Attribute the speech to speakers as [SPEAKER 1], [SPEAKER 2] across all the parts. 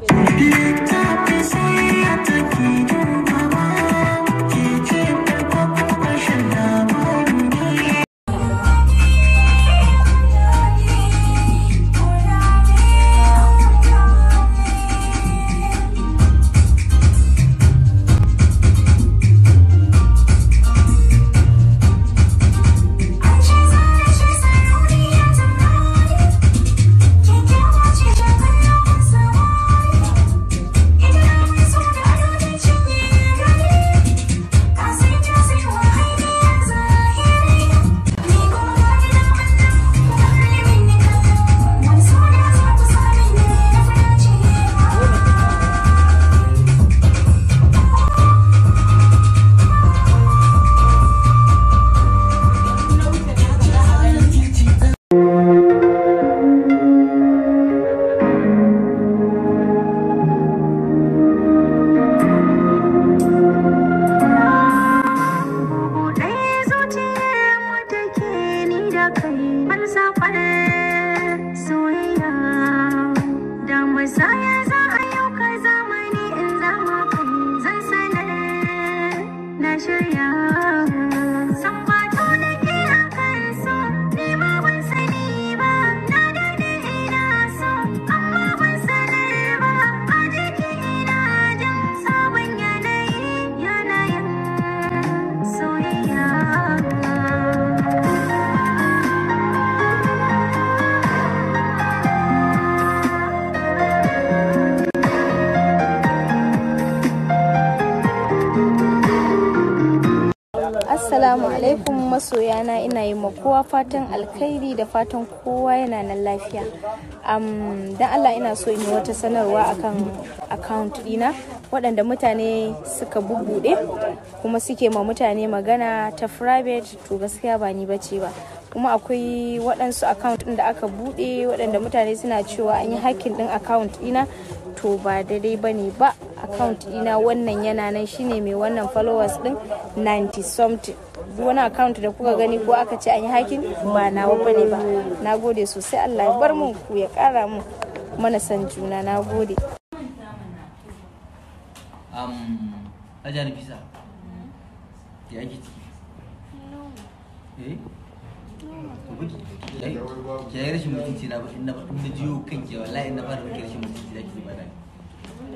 [SPEAKER 1] Thank you. Assalamu alaikum na ina yi ma kowa fatan alkhairi da fatan kowa yana nan lafiya. Um, dan Allah ina so in yi wata sanarwa akan account dina waɗanda mutane suka bubbuɗe kuma suke ma mutane magana ta private to gaskiya ba ni bace ba. kuma akwai waɗansu account ɗin da aka buɗe waɗanda mutane suna cewa an yi hakkin ɗin account ɗina to ba daidai ba ne ba account ɗina wannan yana nan shine mai wannan followers ɗin 90 something bi wani account da kuka gani ko aka ce an yi hakin ba na nawa bane ba na gode sosai allah ya bar mun ku ya kara mu mana san juna na gode um ya ciki eh yi rashin mutunci na ba in na jiyo kan wallahi in na fara rashin mutunci da ki da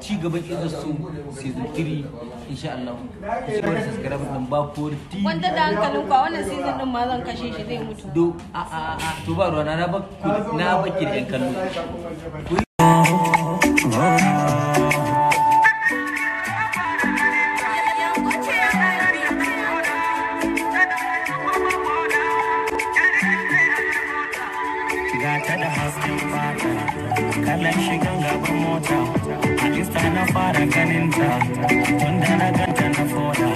[SPEAKER 1] ci gaban idan su season 3 insha Allah ku ci wani subscribe din ba for wanda da hankalin kwa wannan season din ma zan kashe shi zai mutu do a a a to ba ruwa na ba na baki da yan kallo Ga da hasken fata, kallon shigan gaban mota. tana fara ganin ta tun da na ganta na foda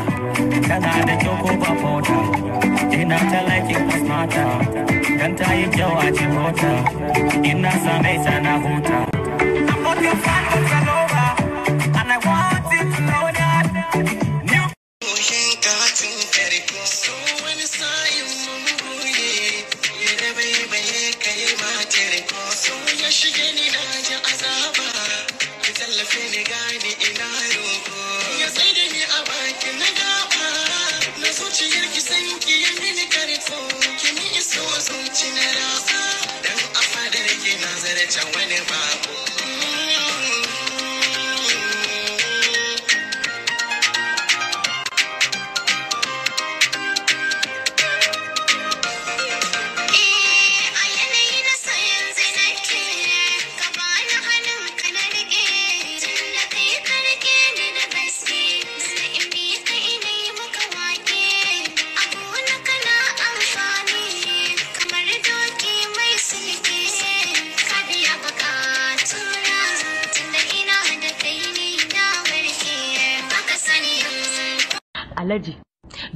[SPEAKER 1] tana da kyau ko ba foda ina ta like mata dan ta yi kyau a cikin mota ina same ta na huta I'm looking fine, it to know tallafe ni gane ina roƙo ya tsaye da ni a baki na gaba na zuciyar ki san ki yi mini karfo ki ni iso zuci na rasa dan a fadar ki na zarce wani bako alaji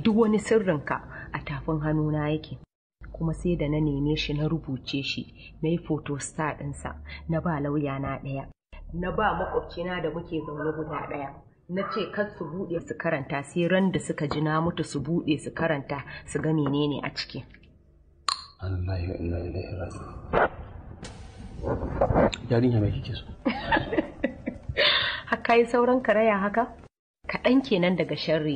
[SPEAKER 1] duk wani sirrinka a tafin hannuna yake kuma sai da na neme shi na rubuce shi na yi foto star ɗinsa na ba lauya na ɗaya na ba makwabcina da muke zaune guda ɗaya na ce kar su buɗe su karanta sai ran da suka ji na mutu su buɗe su karanta su ga menene a ciki haka yi sauran karaya haka kaɗan kenan daga sharri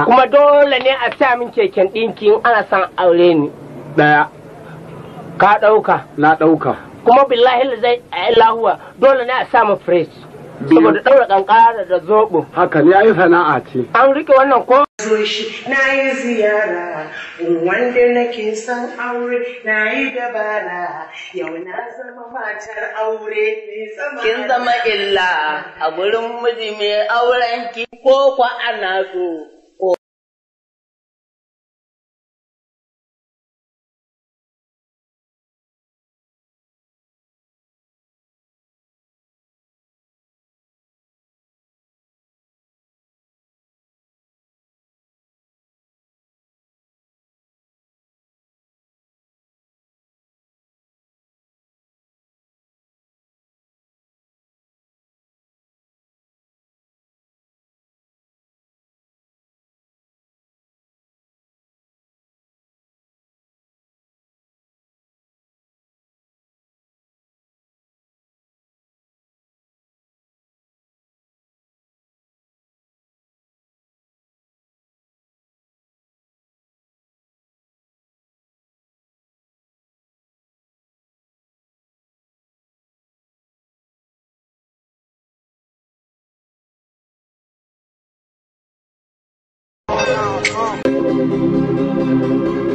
[SPEAKER 1] na kuma dole ne a sa min keken ɗinki in ana san aure ni daya ka ɗauka na ɗauka kuma billahi la zai lahuwa dole ne a sa min fresh saboda ɗaura kankara da zobo Haka ne yi sana'a ce an rike wannan ko zo shi na yi ziyara wanda nake san aure na yi dabara yau na zama matar aure kin zama illa a gurin miji mai auren ki ko kwa ana so Música